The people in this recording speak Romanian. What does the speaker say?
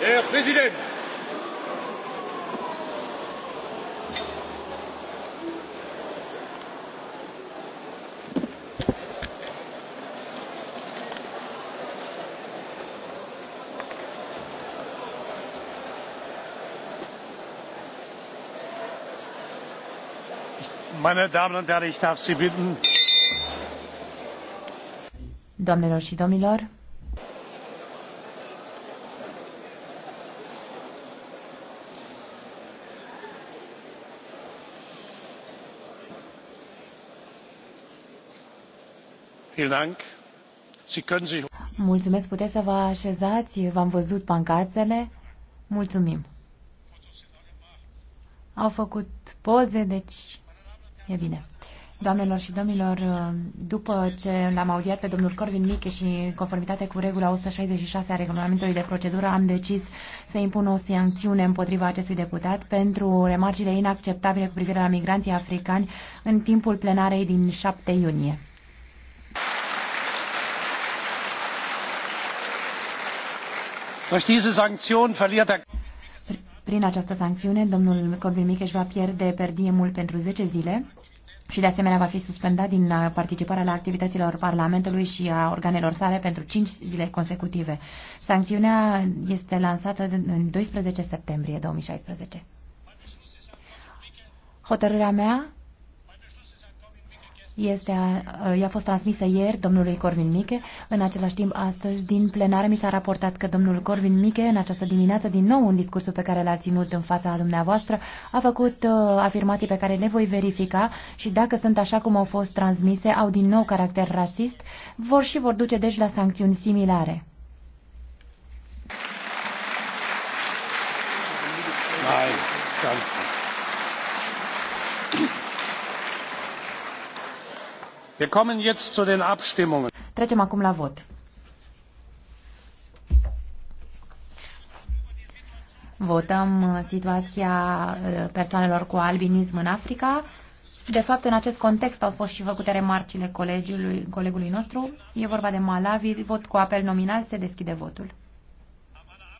Herr Präsident! Meine Damen und Herren, ich darf Sie bitten. Doamnelor și domnilor, Mulțumesc, puteți să vă așezați, v-am văzut pancastele. Mulțumim. Au făcut poze, deci e bine. Doamnelor și domnilor, după ce l-am audiat pe domnul Corvin Miche și în conformitate cu regula 166 a regulamentului de procedură, am decis să impun o sancțiune împotriva acestui deputat pentru remarcile inacceptabile cu privire la migranții africani în timpul plenarei din 7 iunie. Prin această sancțiune, domnul Corbin Micheș va pierde per diemul pentru 10 zile și de asemenea va fi suspendat din uh, participarea la activităților Parlamentului și a organelor sale pentru 5 zile consecutive. Sancțiunea este lansată în 12 septembrie 2016. Hotărârea mea este, i-a fost transmisă ieri domnului Corvin Miche. În același timp, astăzi, din plenară, mi s-a raportat că domnul Corvin Miche, în această dimineață, din nou în discursul pe care l-a ținut în fața dumneavoastră, a făcut uh, afirmații pe care le voi verifica și dacă sunt așa cum au fost transmise, au din nou caracter rasist, vor și vor duce deci la sancțiuni similare. Nein, Trecem acum la vot. Votăm uh, situația uh, persoanelor cu albinism în Africa. De fapt, în acest context au fost și făcute remarcile colegului, colegului nostru. E vorba de Malawi. Vot cu apel nominal. Se deschide votul.